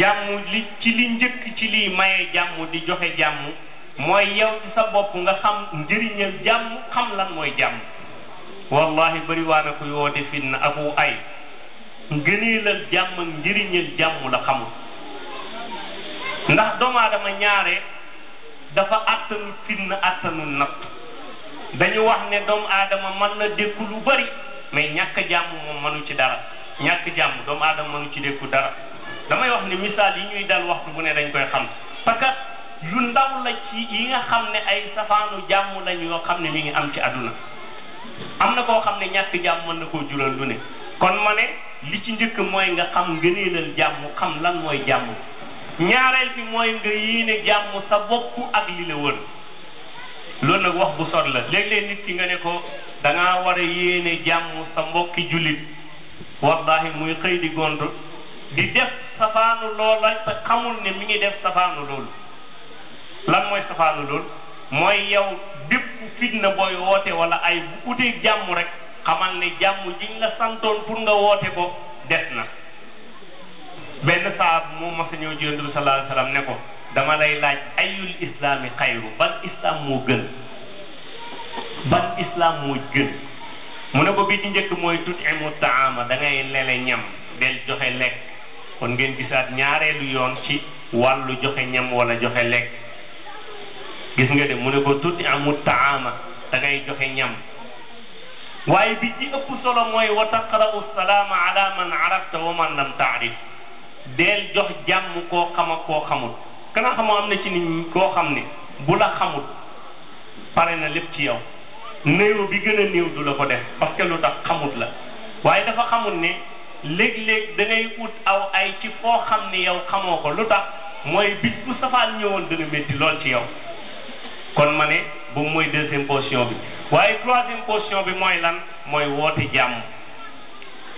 jàmm li ci li njëkk ci liy maye jàmm di joxe jàmm mooy yow ci sa bopp nga xam njëriñal jàmm xam lan mooy jàmm wallahi bëri waa na kuy woote fitna ay ngëneelal jàmm ak njëriñal jàmm la xamul ndax doomu aadama ñaare dafa àttanul fitna àttanul natt dañu wax ne doomu aadama mën na dékku lu bari mais ñàkk jàmm moom mënu ci dara ñàkk jàmm doomu aadama mënu ci dékku dara damay wax ni misaal yi ñuy dal waxtu bu ne dañ koy xam parce que yu ndaw la ci yi nga xam ne ay safaanu jàmm lañ yoo xam ne mi ngi am ci àdduna am na koo xam ne ñàkk jàmm mën na koo jural lu ne kon ma ne li ci njëkk mooy nga xam ngëneelal jàmm xam lan mooy jàmm ñaareel bi mooy nga yéene jàmm sa bopp ak li la wër loolu nag wax bu sot la léeg-léeg nit ki nga ne ko da war a yéene jàmm sa mbokki jullit wallahi muy xëy di gontu di def safaanu mi ngi def safaanu loolu lan mooy safaanu loolu mooy yow bépp fitna booy woote wala ay bu uteeg jàmm rek xamal ne jàmm jiñ la santoon pour nga woote ko des na benn saab moo mas a ñëw ci yonent bi sallallahu ne ko dama lay laaj ayul islaami xayru ban islam moo gën ban islam moo gën mu ne ko bi ci njëkk mooy tut imu taama da lele ñam del joxe lekk kon ngeen gisaat ñaareelu yoon ci wàllu joxe ñam wala joxe lekk gis nga de mu ne ko tuuti amul taama da joxe ñam waaye bi ci ëpp solo mooy wa taqra'u salaama ala man arafta wa taarif deel jox jàmm koo xam koo xamul kana xamoo am na ci nit ñi koo xam ne bu la xamul pare na lépp ci yow néew bi gën a néew du la ko def parce lu tax xamut la waaye dafa xamul ne léeg-léeg da ngay ut aw ay ci foo xam ni yow xamoo ko lu tax mooy bis bu safaan ñëwoon dana métti lool ci yow kon ma ne bu mooy deuxième position bi waaye troisième position bi mooy lan mooy woote jàmm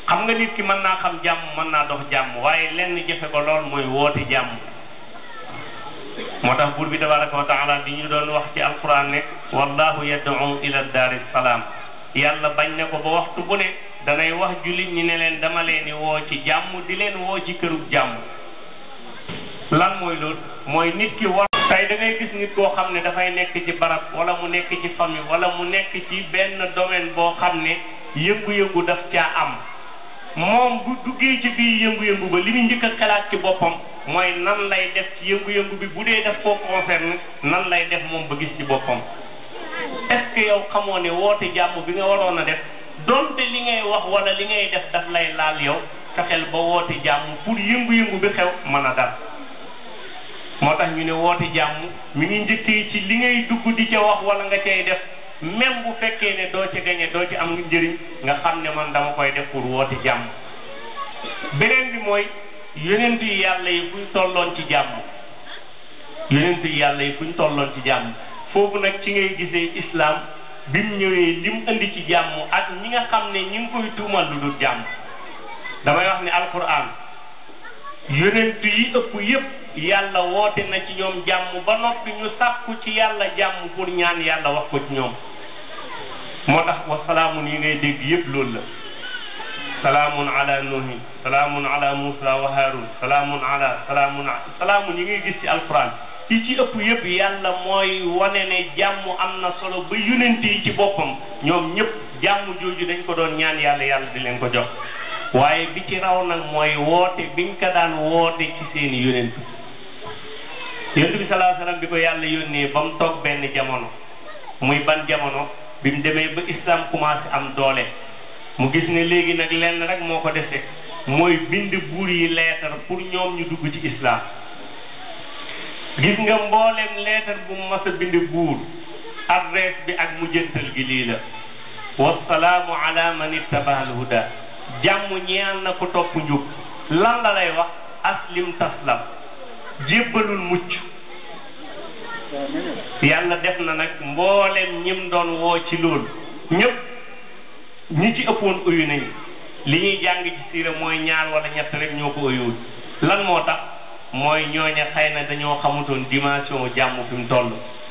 xam nga nit ki mën naa xam jàmm mën naa dox jàmm waaye lenn jafe ko lool mooy woote jàmm moo tax buur bi tabaraka wa taala di ñu doon wax ci alquran ne wallahu yad'u ila daari salaam yàlla bañ na ko ba waxtu bu ne danay wax jullit ñi ne leen dama leen woo ci jàmm di leen woo ci kërug jàmm lan mooy loolu mooy nit ki war tey da gis nit koo xam ne dafay nekk ci barab wala mu nekk ci famille wala mu nekk ci benn domaine boo xam ne yëngu-yëngu daf caa am moom bu duggee ci biir yëngu-yëngu ba li mu njëkk a ci boppam mooy nan lay def ci yëngu-yëngu bi bu dee daf koo concerne nan lay def moom ba gis ci boppam yow xamoo ne woote jàmm bi nga waroon a def donte li ngay wax wala li ngay def daf lay laal yow fexeel ba woote jàmm pour yëngu-yëngu bi xew mën a dal moo tax ñu ne woote jàmm mi ngi njëkkee ci li ngay dugg di ca wax wala nga cay def même bu fekkee ne doo ci gañe doo ci am njëriñ nga xam ne man dama koy def pour woote jàmm beneen bi mooy yonent yi yàlla yi fuñ tolloon ci jàmm yonent yi yàlla yi fuñ tolloon ci jàmm foofu nag ci ngay gisee islam bi mu ñëwee indi ci jàmm ak ñi nga xam ne ñi ngi koy tuumal lu dul jàmm damay wax ni alquran yonent yi ëpp yépp yàlla woote na ci ñoom jàmm ba noppi ñu sàkku ci yàlla jàmm pour ñaan yàlla wax ko ci ñoom moo tax wa salaamun yi ngay dégg yépp loolu la salaamun ala nuhi salaamun ala musa yi ngay gis ci alquran yi ci ëpp yëpp yàlla mooy wane ne jàmm am na solo ba yonent yi ci boppam ñoom ñëpp jàmm jooju dañ ko doon ñaan yàlla yàlla di leen ko jox waaye bi ci raw nag mooy woote biñ ko daan woote ci seeni yonent yonent bi salaa salaam bi ko yàlla yónnee ba mu toog benn jamono muy ban jamono bi mu demee ba islam commencé am doole mu gis ne léegi nag lenn rek moo ko dese mooy bind buur yi leetar pour ñoom ñu dugg ci islam gis nga mbooleem leetar bu mu bind buur adresse bi ak mujjantal gi lii la wasalaamu ala man ittabaal huda jàmm ñeel na ko topp njub lan la lay wax aslim taslam jébbalul mucc yàlla def na nag mbooleem ñim doon woo ci loolu ñëpp ñi ci ëppoon uyu nañu li ñuy jàng ci siira mooy ñaar wala ñett rek ñoo ko uyuwul lan moo tax mooy ñoo xëy na dañoo xamutoon dimension jàmm fi mu toll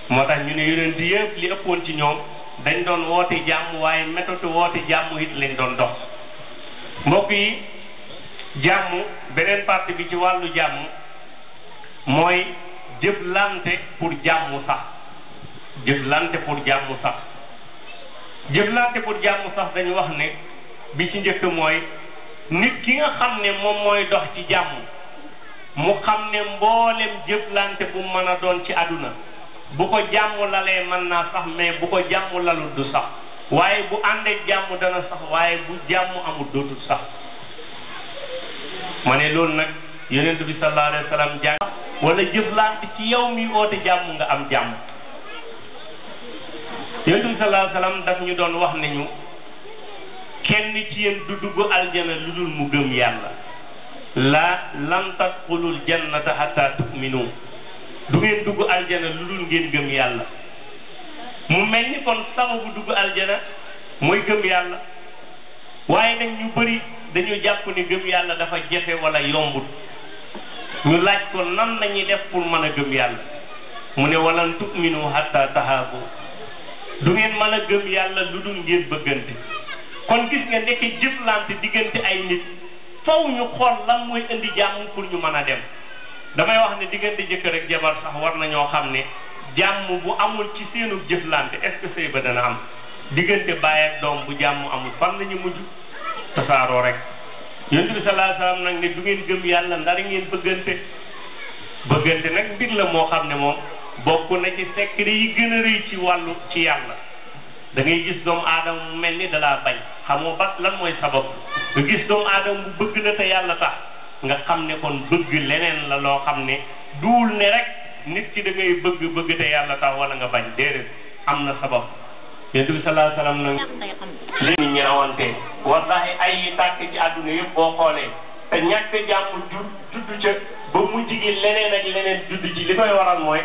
moo tax ñu ne yonent yëpp li ëppoon ci ñoom dañ doon woote jàmm waaye méthode woote jàmm it lañ doon dox mbokk yi jàmm beneen partie bi ci wàllu jàmm mooy jëflante pour jàmm sax jëflante pour jàmm sax jëflante pour jàmm sax dañu wax ne bi ci njëkk mooy nit ki nga xam ne moom mooy dox ci jàmm mu xam ne mboolem jëflante bu mën a doon ci àdduna bu ko jàmm lalee mën naa sax mais bu ko jàmm lalul du sax waaye bu àndee jàmm dana sax waaye bu jàmm amul dootul sax ma ne loolu nag yonent bi sallallahu alayhi wa sallam wala jëflante ci yow mi oote jàmm nga am jàmm yonent bi sallallahu alayhi wa ñu doon wax nañu kenn ci yéen du dugg aljana lu dul mu gëm yàlla la lam tadxulul jannata hatta tuminu du ngeen dugg aljana lu dul ngeen gëm yàlla mu mel ni kon sababu dugg aljana mooy gëm yàlla waaye nag ñu bëri dañu jàpp ni gëm yàlla dafa jafe wala yombut ñu laaj ko nan lañuy def pour mën a gëm yàlla mu ne walan tuminu hatta tahaabu du ngeen mën a gëm yàlla lu dul ngeen bëggante kon gis nga nekk jëflante diggante ay nit faw ñu xool lan mooy indi jàmm pour ñu mën a dem damay wax ne diggante jëkkër ak jabar sax war nañoo xam ne jàmm bu amul ci seenu jëflante est-ce que sëy ba dana am diggante baay doom bu jàmm amul fan la ñu mujj tasaaroo rek yonent bi sallallahu alayhi nag ne du ngeen gëm yàlla ndari ngeen bëggante bëggante nag mbir la moo xam ne moom bokk na ci secret yi gën a rëy ci wàllu ci yàlla da ngay gis doomu aadama mu mel ni dalaa bañ xamoo ba lan mooy sabab nga gis doomu aadama bëgg la te yàlla tax nga xam ne kon bëgg leneen la loo xam ne duwul ne rek nit ki da ngay bëgg bëgg te yàlla tax wala nga bañ déedéet am na sabab yonent bi salaa salaam nag ñu ñaawante wallahi ay yi tàkk ci àdduna yëpp boo xoolee te ñàkk jàmm judd ca ba mujj gi leneen ak leneen judd ci li koy waral mooy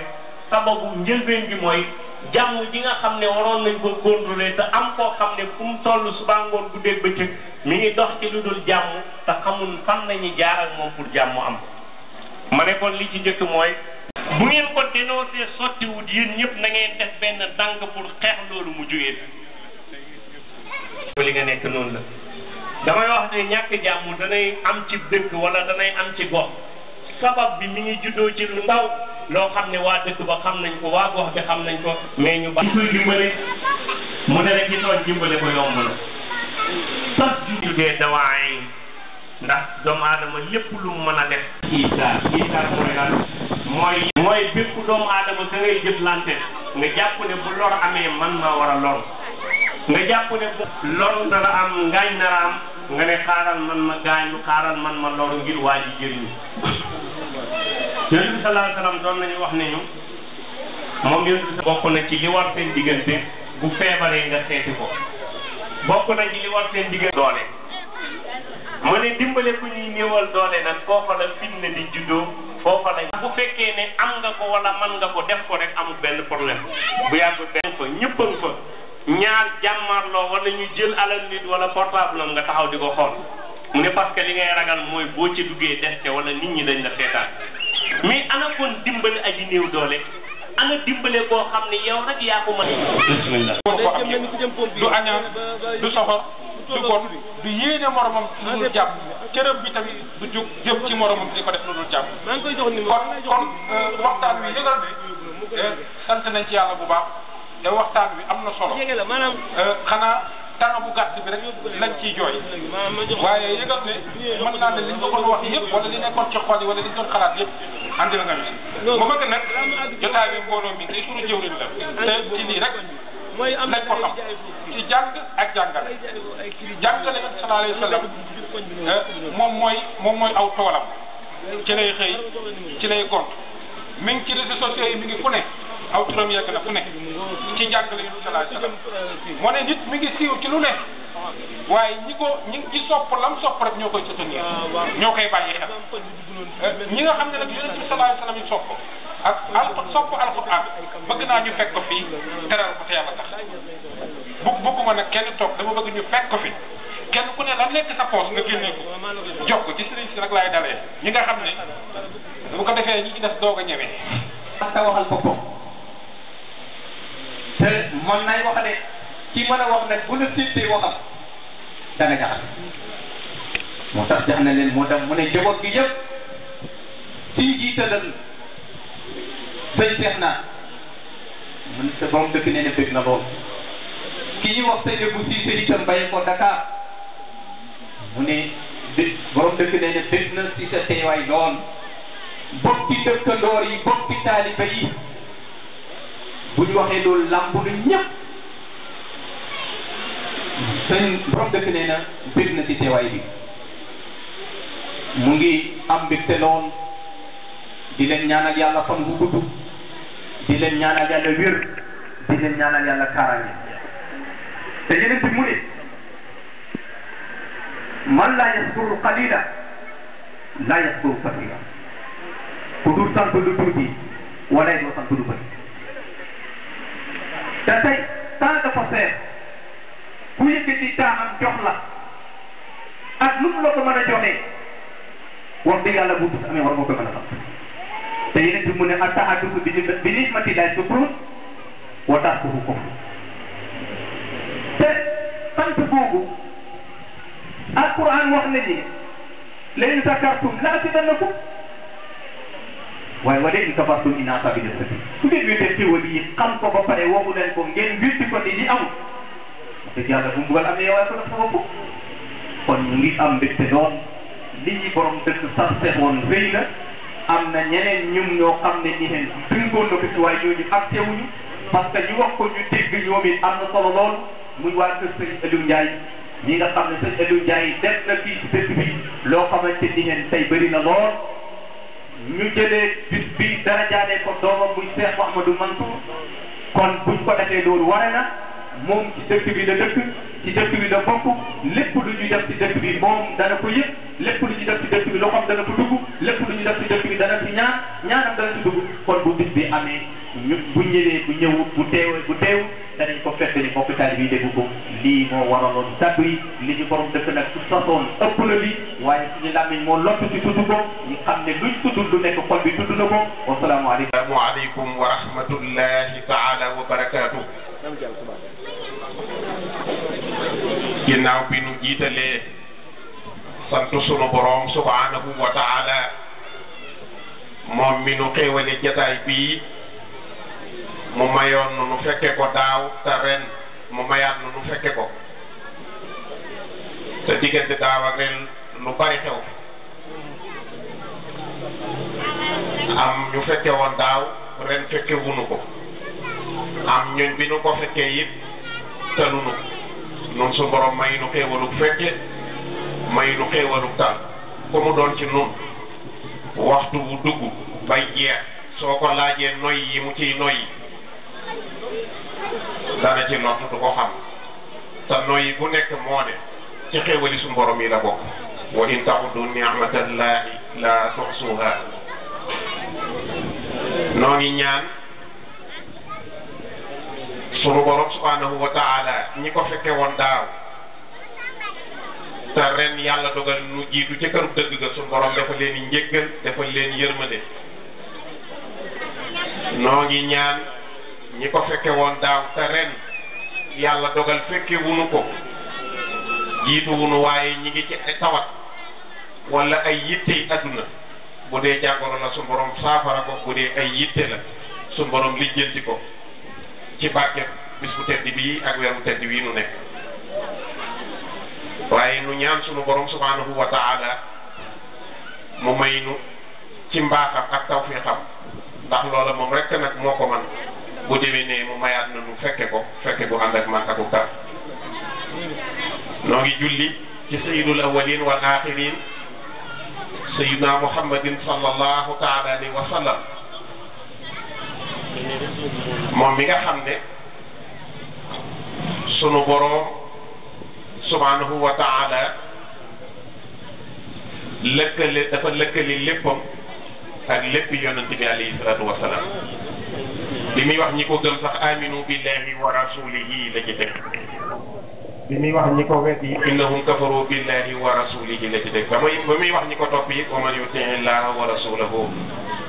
sababu njëlbeen bi mooy jàmm ji nga xam ne waroon nañ ko contrôler te am koo xam ne fu mu toll suba ngoon guddeeg bëccëg mi ngi dox ci lu dul jàmm te xamul fan nañu jaar ak moom pour jàmm am ma ne kon li ci njëkk mooy bu ngeen ko dénoncé sottiwut yéen ñëpp na ngeen def benn dànk pour xeex loolu mu jógee li nga nekk noonu la damay wax ne ñàkk jàmm danay am ci dëkk wala danay am ci gox sabab bi mi ngi juddoo ci lu ndaw loo xam ne waa dëkk ba xam nañ ko waa gox bi xam nañ ko mais ñu ba koy dimbale mu ne rek ñu tooñ dimbale ko yomb la sax juddee dawaay ndax doomu aadama lépp lu mu mën a def isaar isaar mooy lan mooy mooy bépp doomu aadama ka ngay jëflante nga jàpp ne bu lor amee man maa war a lor nga jàpp ne bu lor dana am am nga ne xaaral man ma gaañu xaaral man ma lor ngir waa jëriñu yonent bi sallallahu alayhi wa doon nañu wax ne ñu moom yonent bi bokk na ci li war seen diggante bu feebaree nga seeti ko bokk na ci li war seen diggante doole mu ne dimbale ku ñuy néewal doole nag foofa la fitna di juddoo foofa la bu fekkee ne am nga ko wala man nga ko def ko rek amul benn problème bu yàgg benn ko ñëpp ko fa ñaar jàmmarloo wala ñu jël alal nit wala portable am nga taxaw di ko xool mu ne parce que li ngay ragal mooy boo ci duggee des ca wala nit ñi dañ la mais ana kon dimbale aji néew doole ana dimbale koo xam ne yow nag yaa ko mën. bisimilah. du añaan du soxor du bon du yéene moromam lu dul jàpp cërëm bi tamit du jug jëm ci moromam di ko def lu dul jàpp. kon kon euh, waxtaan wi yëgal bi euh, sant nañ ci yàlla bu baax te euh, waxtaan wi am na solo xanaa. tànn bu gàtt bi rek lañ ciy jooy waaye yëgal ne mën naa ne liñ ko doon wax yëpp wala li nekkoon ci xol yi wala liñ doon xalaat yëpp andi la nga misi bu bëgg nag jotaay bi mbooloo mi day suru jëwriñ la te ci lii rek lañ ko xam ci jàng ak jàngale jàngale ak sallallahu alayhi wa sallam eh, moom mooy moom mooy aw toolam ci lay xëy ci lay gont mi ngi ci réseaux sociaux yi mi ngi fu ne aw turam yegg na fu nekk ci jàngale yu salaay salaam moo ne nit mi ngi siiw ci lu ne waaye ñi ko ñi ci sopp lam sopp rek ñoo koy soutenir ñoo koy bàyyi xel eh, ñi nga xam ne nag yonent bi salaay salaam yi sopp ak al sopp alquran bëgg naa ñu fekk ko fii teral ko te yàlla tax bu bëgguma nag kenn toog dama bëgg ñu fekk ko fi kenn ku ne lan nekk sa poos nga génne ko jox ko ci sëriñ si nag laay dalee ñi nga xam ne bu ko defee ñi ci des doog a ñëwee. ak sa waxal boppam. te mën nay wax de ki mën a wax nag bu la séddee waxam da nga jaxal moo tax jax na leen moo tax mu ne jaboot gi yëpp ci jiitalal sëñ seex naa mun sa borom dëkk nee na bëgg na lool ki ñuy wax sëñ bu siise itam bàyyi ko Dakar mu ne dë borom dëkk nee na na si sa teewaay lool bokki dëkkandoor yi bokki taaliba bu ñu waxee loolu làmb lu ñëpp sëñ borom dëkk nee na bég na ci teewaay bi mu ngi am mbégte lool di leen ñaanal yàlla fan bu gudd di leen ñaanal yàlla wér di leen ñaanal yàlla kaaraange te yeneen bi mu ne man laa yaskuru qalila laa yaskuru katira ku dul sant lu tuuti walaay doo sant lu bëri te tey temps dafa seet ku yëkkati taaxam jox la ak lu mu la ko mën a joxee wax dëgg yàlla bu bis amee war nga ko mën a xam te yeneen bi mu ne ak taxadugu bi bi nismati laay suprun wa tax ko ko te sant googu alquran wax na ni la in zakartum la azidannakum waaye wa in kafartum inna azabi lasadid su ngeen wéetee téwal yi xam ko ba pare waxu leen ko ngeen wétti ko ni li bu mbugal am ne waaye kon ñu ngi am mbégte doon li ñi borom dëkk sax seexoon rëy na am na ñeneen ñum ñoo xam ne ñi xeen dëngoon na ko ci waaye ñooñu acté ñu wax ko ñu dégg ñoom it am na solo lool muy waa kër sëñ Aliou Ndiaye ñi nga xam ne sëñ Aliou Ndiaye def na fii ci dëkk bi loo xamante ni xeen tey bëri na lool ñu jëlee bis bi dara jaaree ko doomam muy Cheikh Mouhamadou Mansour kon buñ ko defee loolu ware na moom ci dëkk bi la dëkk ci dëkk bi la bokk lépp lu ñuy def ci dëkk bi moom dana ko yëg lépp lu ñuy def ci dëkk bi loxoom dana ko lépp lu ñuy def ci dëkk bi dana ci ñaan ñaanam dana ci dugg kon bu bis bi amee ñu bu ñëwee bu ñëw bu teewee bu teew danañ ko fexe ni mbokk taalibe yi dégg ko lii moo waraloon tàggu yi li ñu borom dëkk nag su sasoon ëpp la li waaye suñu làmmiñ moo lott ci tudd ko ñu xam ne luñ tudd lu nekk xol bi tudd na ko wasalaamualeykum waaleykum wa rahmatullahi taala wa barakaatu ginnaaw bi nu jiitalee sant sunu borom subhanahu wa taala moom mi nu xéewale jataay bii mu mayoon nu nu fekke ko daaw te ren mu mayaat nu nu fekke ko te diggante daaw ak ren lu bari xew am ñu fekke woon daaw ren fekke wunu ko am ñun bi nu ko fekkee yit talunu nun su may nu xéewalug fekke may nu xéewalug tal ku mu doon ci nun waxtu wu dugg bay jeex soo ko laajee noy yi mu ciy noy dana ci nopp du ko xam te noyyi bu nekk moo ne ci xéewali suñu borom yi la bokk wa in taxudu ni'matallahi la tuxsuha noo ngi ñaan sunu borom subhanahu wa taala ñi ko fekke woon daaw te ren yàlla dogal nu jiitu ci këru dëgg ga sunu borom dafa leen i dafa leen yërmande noo ngi ñaan ñi ko fekke woon daaw te ren yàlla dogal fekke wunu ko jiitu wunu waaye ñi ngi ci ay tawat wala ay yittey adduna bu dee jàngoro la su borom saafara ko bu dee ay yitte la su borom lijjanti ko ci barke bis bu tedd bii ak weer bu tedd bii nu nekk waaye nu ñaan sunu borom subhanahu wa taala mu may ci mbaaxam ak tawfiixam ndax loola moom rekk nag moo ko man bu déwénee mu mayaat na nu fekke ko fekke bu ànd ak man ak tar noo ngi julli ci sayyidul awwalin wal axirin sayyidina muhammadin sallallahu taala alayhi wa sallam moom mi nga xam ne sunu boroom subhanahu wa taala lëkkale dafa lëkkale léppam ak lépp yonent bi alayhi salaatu wa salaam li muy wax ñi ko gëm sax aminu billahi wa rasulihi la ci teg li muy wax ñi ko weddi innahum kafaru billahi wa rasulihi la ci teg ba muy ba muy wax ñi ko topp it wa man yuti illaha wa rasulahu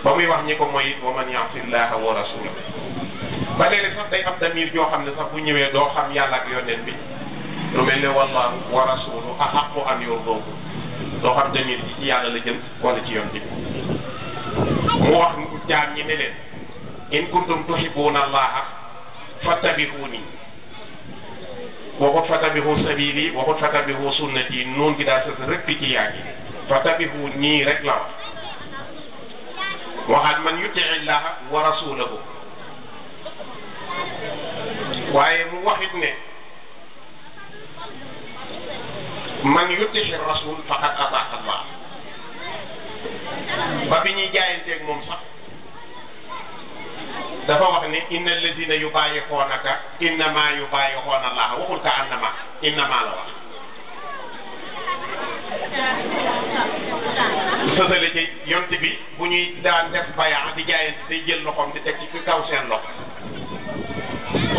ba muy wax ñi ko mooy it wa man yaasi illaha wa rasulahu ba léegi sax day am damir joo xam ne sax bu ñëwee doo xam yàlla ak yonent bi lu mel ne wallahu wa rasulu ahaqu an yurduhu doo xam damir ci yàlla la jëm wala ci yonent bi mu wax jaam ñi ne leen إن كنتم تحبون الله فاتبعوني وقد فاتبعوا سبيلي وقد فاتبعوا سنتي نون كده سيس ريبيتي يعني فاتبعوني رك لا من يطع الله ورسوله واي واحد نه نعم. من يطع الرسول فقد اطاع الله بابي ني جاينتك موم dafa wax ne inna alladina yubaayixoonaka innama yubaayixoona allaha waxul ka annama innama la wax sësale ci yont bi bu ñuy daan def bayaa di jaayante day jël loxoom di teg ci kaw seen loxo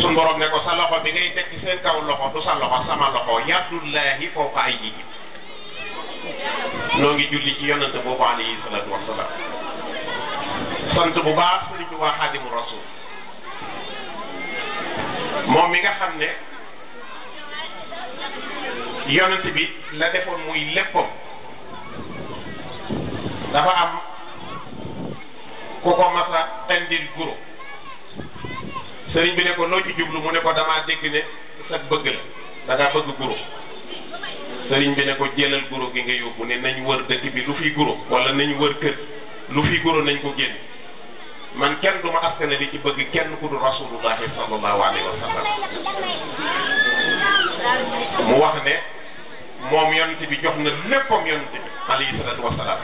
suñu borom ne ko sa loxo bi ngay teg ci seen kaw loxo du sa loxo sama loxo yadullahi fawqa aydiihim noo ngi julli ci yonante boobu alayhi salaatu wasalaam sant bu baax Sëriñ Tuubaa Xaadimu Rasuul moom mi nga xam ne yonent bi la defoon muy léppam dafa am ku ko masa indil guro sëriñ bi ne ko noo ci jublu mu ne ko damaa dégg ne sa bëgg la da ngaa bëgg guro sëriñ bi ne ko jëlal guro gi nga yóbbu ne nañ wër dëkk bi lu fi guro wala nañ wër kër lu fi guro nañ ko génn man kenn du ma askan di ci bëgg kenn ku dul rasulullahi sallallahu mu wax ne moom yonent bi jox na léppam yonent bi alayhi salatu wasalaam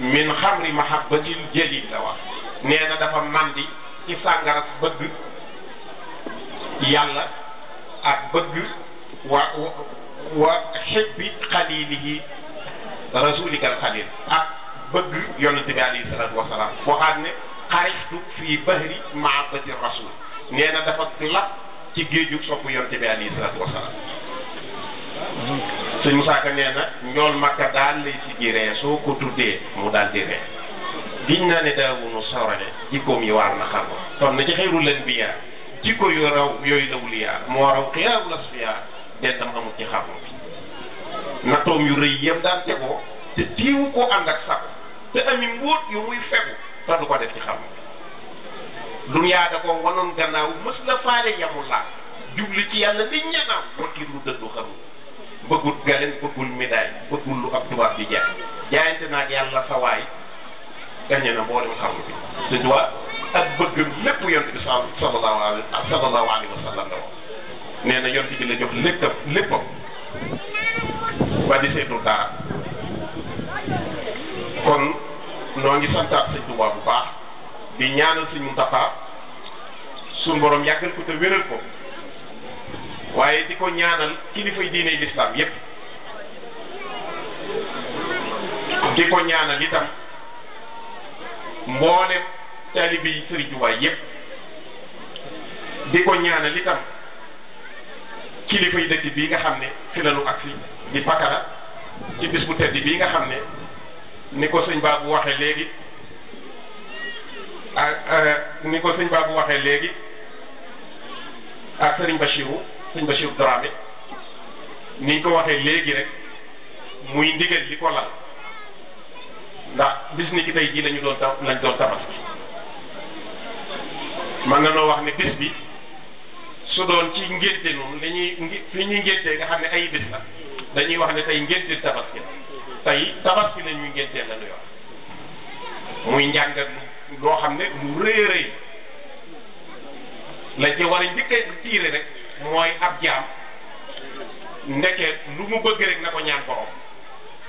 min xamri mahabbatil jalil la wax nee na dafa màndi ci sàngara bëgg yàlla ak bëgg wa wa xibbi xalilihi rasulikal xadim ak bëgg yonent bi alayhi salaatu wasalaam waxaat ne xarixtu fii bahri mahabati rasul nee na dafa lap ci géejug sopp yonent bi alayhi salaatu wasalaam soo ko tuddee mu daal ree giñ naa ne daawunu sorone jikkoom yi waar na xam kon na ci xeyrul leen bi yaa jikko yu raw yooyu lawliyaa moo raw xiyaarul asfiyaa dendam amul ci xam nattoom yu rëy yem daan tegoo te tiiwu koo ànd ak sago te ami mbóot yu muy fegu te du ko def ci xam duniyaa da ko wanoon gannaaw mës la faale yamu laa jubli ci yàlla li ñanaaw wakkil lu dëddu xamul bëggul galen bëggul médaille bëggul lu ab tubaab di jaayante naag yàlla sa waay gañe na moo xam bi te duwaa ak bëgg lépp yonent bi sallallahu alayhi sallallahu alayhi wa sallam la wax nee na yonent bi la jox léppam léppam Touba di seetul dara kon noo ngi santaat sëñ Touba bu baax di ñaanal sëñ Moustapha suñu borom yàggal ko te wéral ko waaye di ko ñaanal kilifay diine lislaam yépp di ko ñaanal itam mboolem yépp di ko ñaanal itam kilifa yi dëkk bii nga xam ne fi ak nu di pakara ci bis bu tedd bii nga xam ne ni ko sëñ Babou waxee léegi ak ni ko sëñ bu waxee léegi ak sëriñ Bachirou sëñ Bachirou Dramé ni ñu ko waxee léegi rek muy ndigal li ko lal ndax bis ni ki tey jii lañu doon ta lañ doon tabaski mën na loo wax ne bis bi su doon ci ngénte moom li ñuy nga xam ne ay bés la dañuy wax ne tey ngénte tabaski la tey tabaski la ñuy ngéntee la ñuy wax muy loo xam ne lu rëy rëy lañ njëkk a tiire mooy ab jaam ndeke lu mu bëgg rek na ko ñaan borom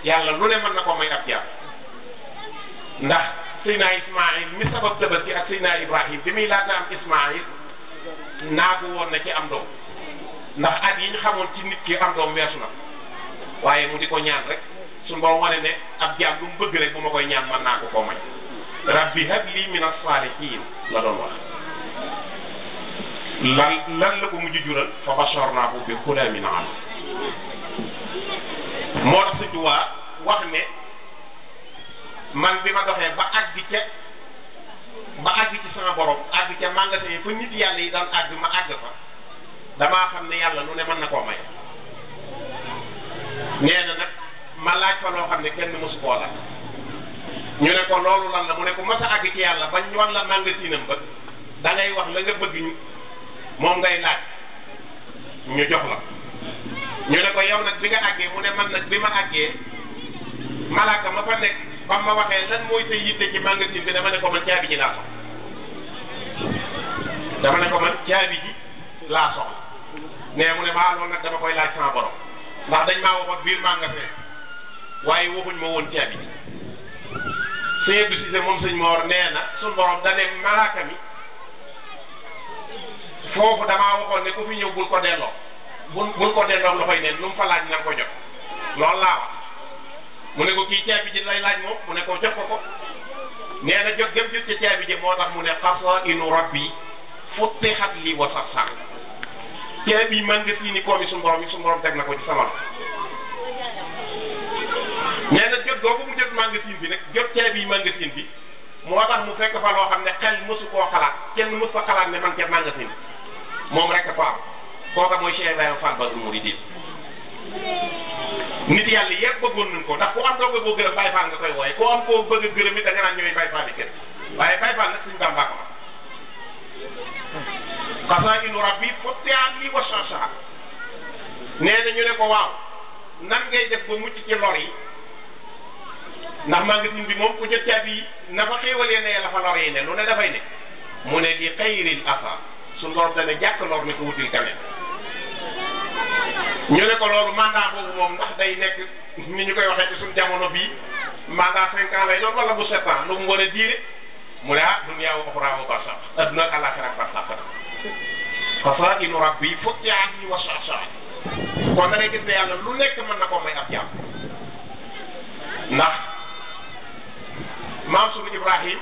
yàlla lu ne mën na ko may ab jaam ndax Seydina Ismaïl mi sabab tabaski ak Seydina Ibrahim bi muy laata am Ismaïl naagu woon na ci am doom ndax at yi ñu xamoon ci nit ki am doom weesu na waaye mu di ko ñaan rek suñu borom wane ne ab jaam lu mu bëgg rek bu ma koy ñaan mën naa koo may rabbi hab lii min as-saalihiin la doon wax lan la ko mujj jural fa basharnaahu bi ghulaamin aliim moo tax Sëñ wax ne man bi ma doxee ba àgg ca ba àgg ci sama borom àgg yi fa nit yàlla yi daan àgg ma àgg damaa xam ne yàlla lu ne mën na koo may nee na nag ma laaj fa loo xam ne kenn mosu koo laaj ñu ne ko loolu lan la mu ne ko mas a àgg ci yàlla ba ñu wan la magasinam ba da ngay wax la nga bëgg ñu moom ngay laaj ñu jox la ñu ne ko yow nag bi nga àggee mu ne man nag bi ma àggee malaaka ma fa nekk bam ma waxee lan mooy sa yitte ci magasin bi dama ne ko man caabi ji laa soxla ko man caabi ji laa soxla mais mu ne maa ah, loolu nag dama koy laaj sama borom ndax dañ maa waxoon biir magasin waaye waxuñ ma woon caabi ji sëñ bi moom sëñ Mor nee na suñu borom da ne malaaka mi foofu damaa waxoon ne ku fi ñëw bul ko delloo bul bul ko delloo loxoy neen lu mu fa laaj na nga ko laa wax mu ne ko kii caabi ji lay laaj moom mu ne ko jox ko ko nee na jot gëm jot ci caabi ji moo tax mu ne xasa inu rabbi futtixat li wa safsa caabi man nga fii ni koomi suñu borom yi suñu borom teg na ko ci sama nee na jot googu mu jot magasin bi nag jot caabi magasin bi moo tax mu fekk fa loo xam ne xel mësu koo xalaat kenn mës fa xalaat ne man ca magasin moom rek ko am kooka mooy Cheikh Ibrahima Fall Badoul Mouridine nit yàlla yëpp bëggoon nañ ko ndax ku am doo bëggoo gërëm Baye Fall nga koy wooye ku am koo bëgg gërëm it da nga naan ñooy Baye Fall kenn waaye Baye Fall nag suñu Bàmba ko ma xasaa inu rabbi fottiaat li wasasaa nee na ñu ne ko waaw nan ngay def ba mucc ci lor yi ndax magasin bi moom ku jot caabi yi na fa xéewalee ne la fa lor yi ne lu ne dafay ne mu ne di xayril afa su lor dana jàkk lor ni ko wutil tamit ñu ne ko loolu mandat boobu moom ndax day nekk ni ñu koy waxee ci suñu jamono bii mandat cinq ans lay doon wala bu sept ans lu mu war a diire mu ne ah dunya wa ukhra wa barzakh adduna ak àllaaxira barzakh fasaa'inu rabbi fukki at yi wa sa'sa'a kon da ngay gis ne yàlla lu nekk mën na ko may ab jàmm ndax maam suñu Ibrahim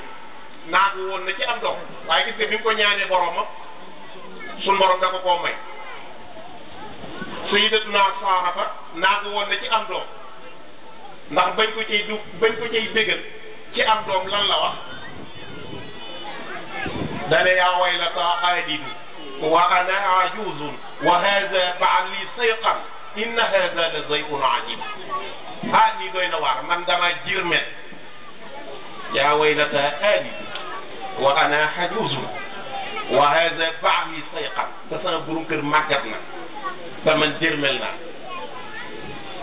naagu woon na ci am dox waaye gis nga bi mu ko ñaanee boromam suñu borom da ko koo may. sayyidatuna Faamata naagu woon na ci am doom ndax bañ ko cay du bañ ko cay bégal ci am doom lan la wax dane yaa waylata aadimu wa ana ajuzun wa hada baali sayqan inna hada la zayun ajib ah lii doy na waar man dama jirmet yaa waylata aadimu wa ana ajuzun wa hada baali sayqan te sama borom kër màggat na ba man jërmel naa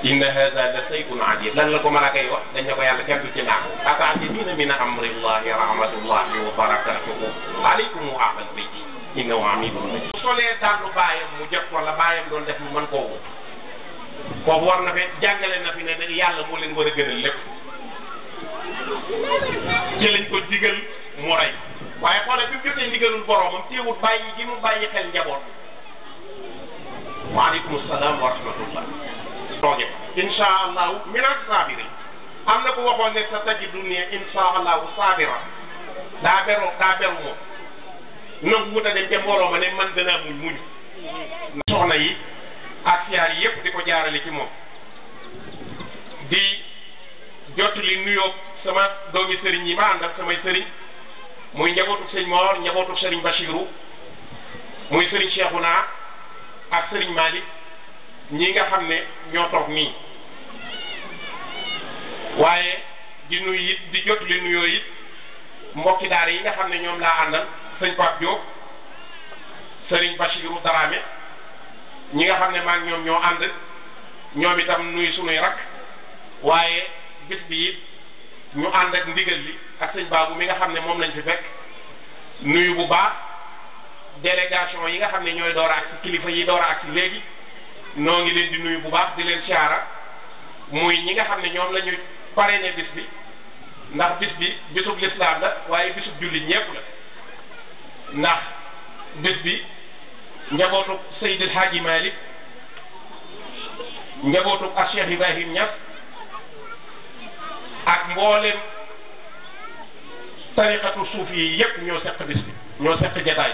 inna hada la sayun ajib lan la ko malaaka yi wax dañ ko yàlla kenn du ci naaku ataajibina min amrillahi rahmatullahi wa barakatuhu aleykum wa ahlal bayt innahu hamidun majid solee dàllu baayam mu jëf baayam doon def mu mën koo wut kooku war na fee jàngale na fi ne nag yàlla moo leen war a gënal lépp ko digal mu rey waaye xoole bi mu jotee ndigalul boromam mu bàyyi xel njaboot waaleykum salaam wa rahmatullah tooñe allahu minal saabiri am na ko waxoon ne sa tajidu ne incha allahu saabira daa beru moom nangu wuta dem ca ma ne man danaa muñ muñ soxna yi ak siyaar yëpp di ko jaarale ci moom di jottali nuyoo sama doomi sëriñ yi ma ànd ak samay sëriñ muy njabootu sëriñ Mor njabootu sëriñ Bachiru muy ak Serigne Malick ñi nga xam ne ñoo toog nii waaye di nuyu it di jot li nuyoo it mbokki daara yi nga xam ne ñoom laa àndal sëñ Pape Diop Serigne Bachirou Darame ñi nga xam ne maag ñoom ñoo ànd ñoom itam nuyu sunuy rak waaye bis bi it ñu ànd ak ndigal li ak sëñ Babou mi nga xam ne moom lañ fi fekk nuyu bu baax. délégation yi nga xam ne ñooy door ak si kilifa yi door ak si léegi noo ngi leen di nuyu bu baax di leen siyaara muy ñi nga xam ne ñoom la ñu parrainé bis bi ndax bis bi bisub lislaam la waaye bisub jullit ñépp la ndax bis bi njabootu Seydil Hadji Malick njabootu ak Cheikh Ibrahim Niass ak mboolem tariqatu suuf yi yépp ñoo seq bis bi ñoo seq jataay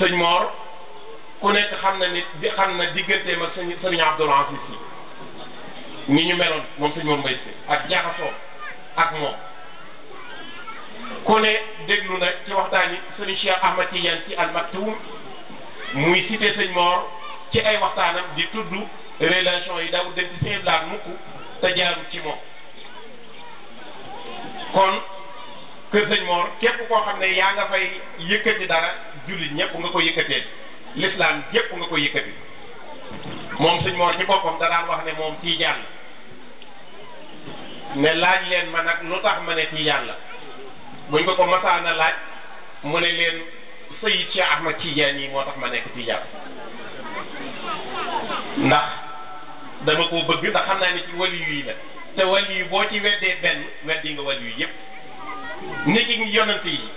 sëñ Mor ku nekk xam na nit di xam na digganteem ak sëñ sëriñ Abdoul Aziz Sy ñu meloon moom sëñ Mor Mbaye Sy ak jaxasoo ak moom ku ne déglu na ci waxtaan yi sëriñ Cheikh Ahmad Tidiane Sy Al Maktoum muy cité sëñ Mor ci ay waxtaanam di tudd relation yi daw dem ci seen mukk te jaaru ci moom kon kër sëñ Mor képp koo xam ne yaa nga fay yëkkati dara jullit ñëpp nga ko yëkkatee lislaam yëpp nga ko yëkkati moom sëñ Mor ci boppam da wax ne moom tiijaan la ne laaj leen ma nag lu tax ma ne tiijaan la buñ ko ko masaana laaj mu ne leen Seyid Cheikh Ahmad Tiijaan yi moo tax ma nekk tiijaan ndax dama koo bëgg ndax xam naa ni ci wali yu yi la te wali yu boo ci weddee benn weddi nga wali yu yëpp nit yi yonante yi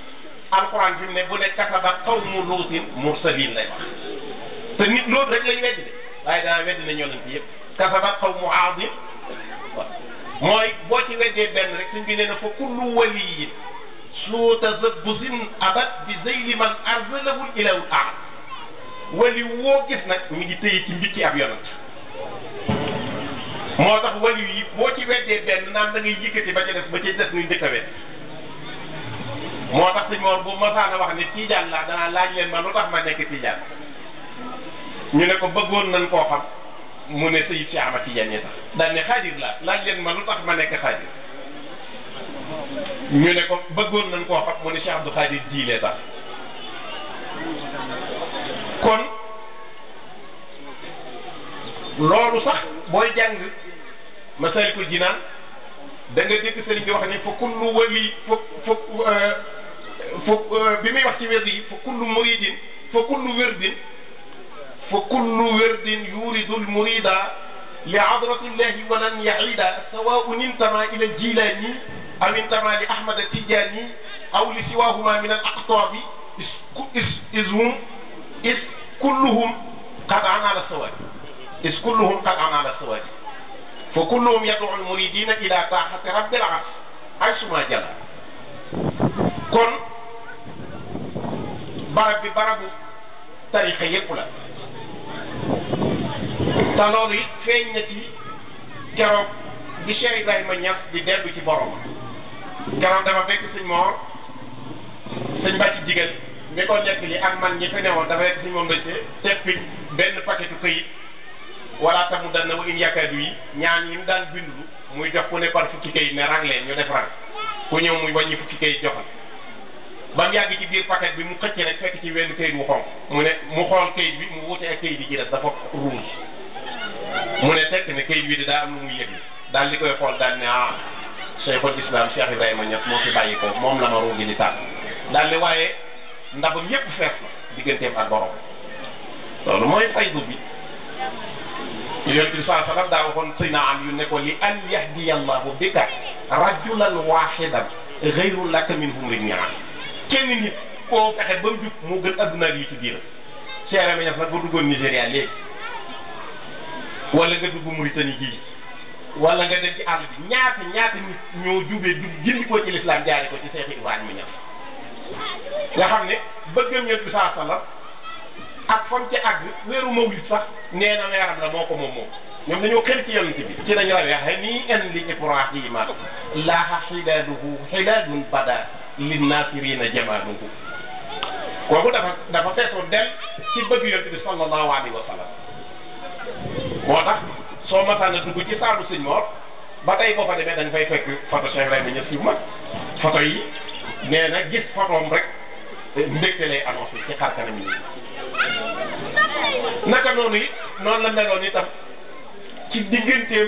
alxuraan fi mu ne bu ne kataba qawmu luutin mursalin lay wax te nit loolu rek lañ weddi de waaye dana weddi na yonent yëpp kataba qawmu aadin mooy boo ci weddee benn rek suñ bi nee na fa kullu waliyin suuta zabbusin abad bi zeyli man arsalahul ilawul aad wali woo gis nag mi ngi téye ci mbicci ab yonent moo tax wali yi boo ci weddee benn naan da a yëkkati ba ca des ba ca des nuy njëkk a moo tax suñu woon bu ma saana wax ne tiijaan laa danaa laaj leen ma lu tax ma nekk tiijaan ñu ne ko bëggoon nañ koo xam mu ne Seydi Cheikh Ahmad Tidiane tax daan ne xaadir laa laaj leen ma lu tax ma nekk xaadir ñu ne ko bëggoon nañ koo xam mu ne Cheikh Abdou Xaadir jiilee tax kon loolu sax booy jàng Masaalikul Jinaan da nga dégg sëriñ bi wax ne fa kullu wali fa fa euh, fa bi muy wax ci wird yi fa kullu muridin fa kullu wirdin fa kullu wirdin yuridu lmurida li hadratillahi walan yaida sawaun intama ila jilani aw intama li ahmada tijani aw li siwahuma min al aqtabi is hum is kulluhum qad anala sawadi is kulluhum qad anala sawadi fa kulluhum yad'u lmuridina ila taahati rabbil arsh aysuma jala kon barab bi barabu tarixa yépp la te loolu it feeñ na ci keroog bi Cheikh Ibrahima Ñas bi dellu ci borom keroog dafa fekk sëñ Moor sëñ Bàcc Jigéen mi ko nekk li ak man ñi fi newoon dafa fekk sëñ Moor Mbacke teppi benn paquetu këyit wala tamu dan na wa in yi ñaan yi mu daan bindu muy jox ku ne par fukki këyit ne rang ñu def rang ku ñëw muy wàññi ko ci kayit joxal ba mu yàgg paquet bi mu xëcc rek fekk ci wenn kayit wu xonq mu ne mu xool kayit mu wutee ak kayit bi ci def dafa rouge mu ne fekk ne kayit bi de daa am lu muy yëg daal di koy xool daal ne ah cheikhul islam cheikh Ibrahima Niass moo fi bàyyi ko moom la ma ruugi di tànn daal di waaye ndabam yépp fees na digganteem ak borom loolu mooy faydu bi yonent bi saa sallam daa waxoon sëy naa am yu ne ko li an yahdiyallahu bika rajulan wahidan xayrun laka minhum rijaan kenn nit koo fexe ba mu jub moo gën adduna yi ci biir Cheikh Ramañas nag ba duggoon Nigéria léegi wala nga dugg Mauritanie gii wala nga dem ci àll bi ñaata ñaata nit ñoo jubee jub jëndi ko ci lislaam jaare ko ci Cheikh Ibrahima Ñas nga xam ne bëggam yonent bi saa sallam ak foñ ci àgg weeru mawlid sax nee na weeram na moo ko moom moom ñoom dañoo xër ci yonent bi ci nañu rawee hanii'an li Ibrahima laaha xidaaduhu xidaadun bada linnaasirina jamaaluhu kooku dafa dafa feesoo del ci bëgg yonent bi sallallahu alayhi wa sallam moo tax soo masaana dugg ci saalu sëñ Mor ba tey boo fa demee dañ fay fekk photo Cheikh Ibrahima Niass yu ma photo yi nee na gis photoom rek eh, mbégte lay annoncé ci xar kanam yi naka noonu it noonu la meloon itam ci digganteem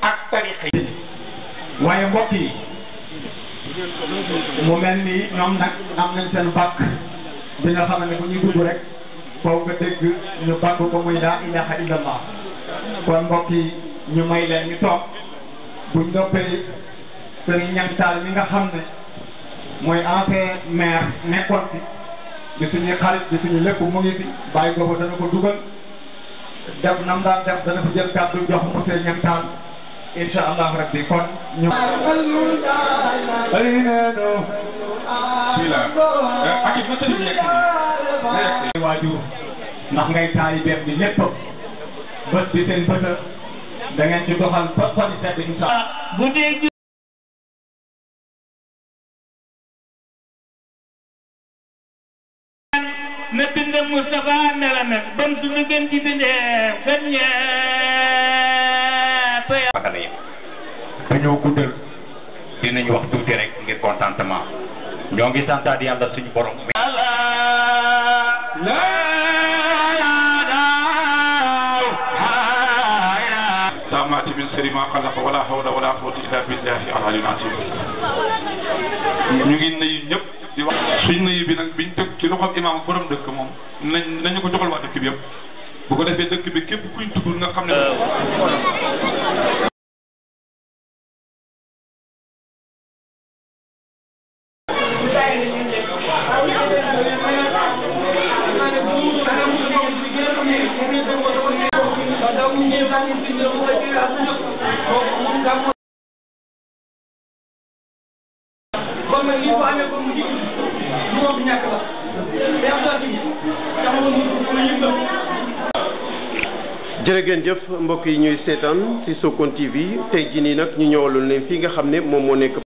ak tarixa yi waaye mbokk yi mu mel ni ñoom nag am nañ seen bàkk bi nga xam ne bu ñuy dugg rek faw nga dégg ñu bàkk ko muy laa ilaha illallah kon mbokk yi ñu may leen ñu toog buñ doppee sëriñ ñam taal mi nga xam ne mooy ancien maire nekkoon fi gisuñu xarit gisuñu lépp mu ngi di bawah boobu dana ko dugal def nam daan def dana fi jël kàddu jox mu see ñeen taal insha allah rek di kon ñu. Eh, waajur ndax ngay taali beeb bi lépp bët bi seen bëtt da ngeen ci doxal ba sonni sedd nag bant lu gën ci bindee fen ñeeto ya bakana yi dañoo guddal dinañ wax tuuti rek ngir contentement ñoo ngi santaat suñu borom سامات من سر ما خلق ولا حول ولا قوة إلا بالله العلي ñu dëkk ci loxoom imaam borom dëkk moom na nañu ko joxal waa dëkk bi yëpp bu ko defee dëkk bi képp kuy tudd nga xam ne. Euh, fii ñuy seetaan ci Sokone TV tey jii nii nag ñu ñëwaloon leen fii nga xam ne moom moo nekk.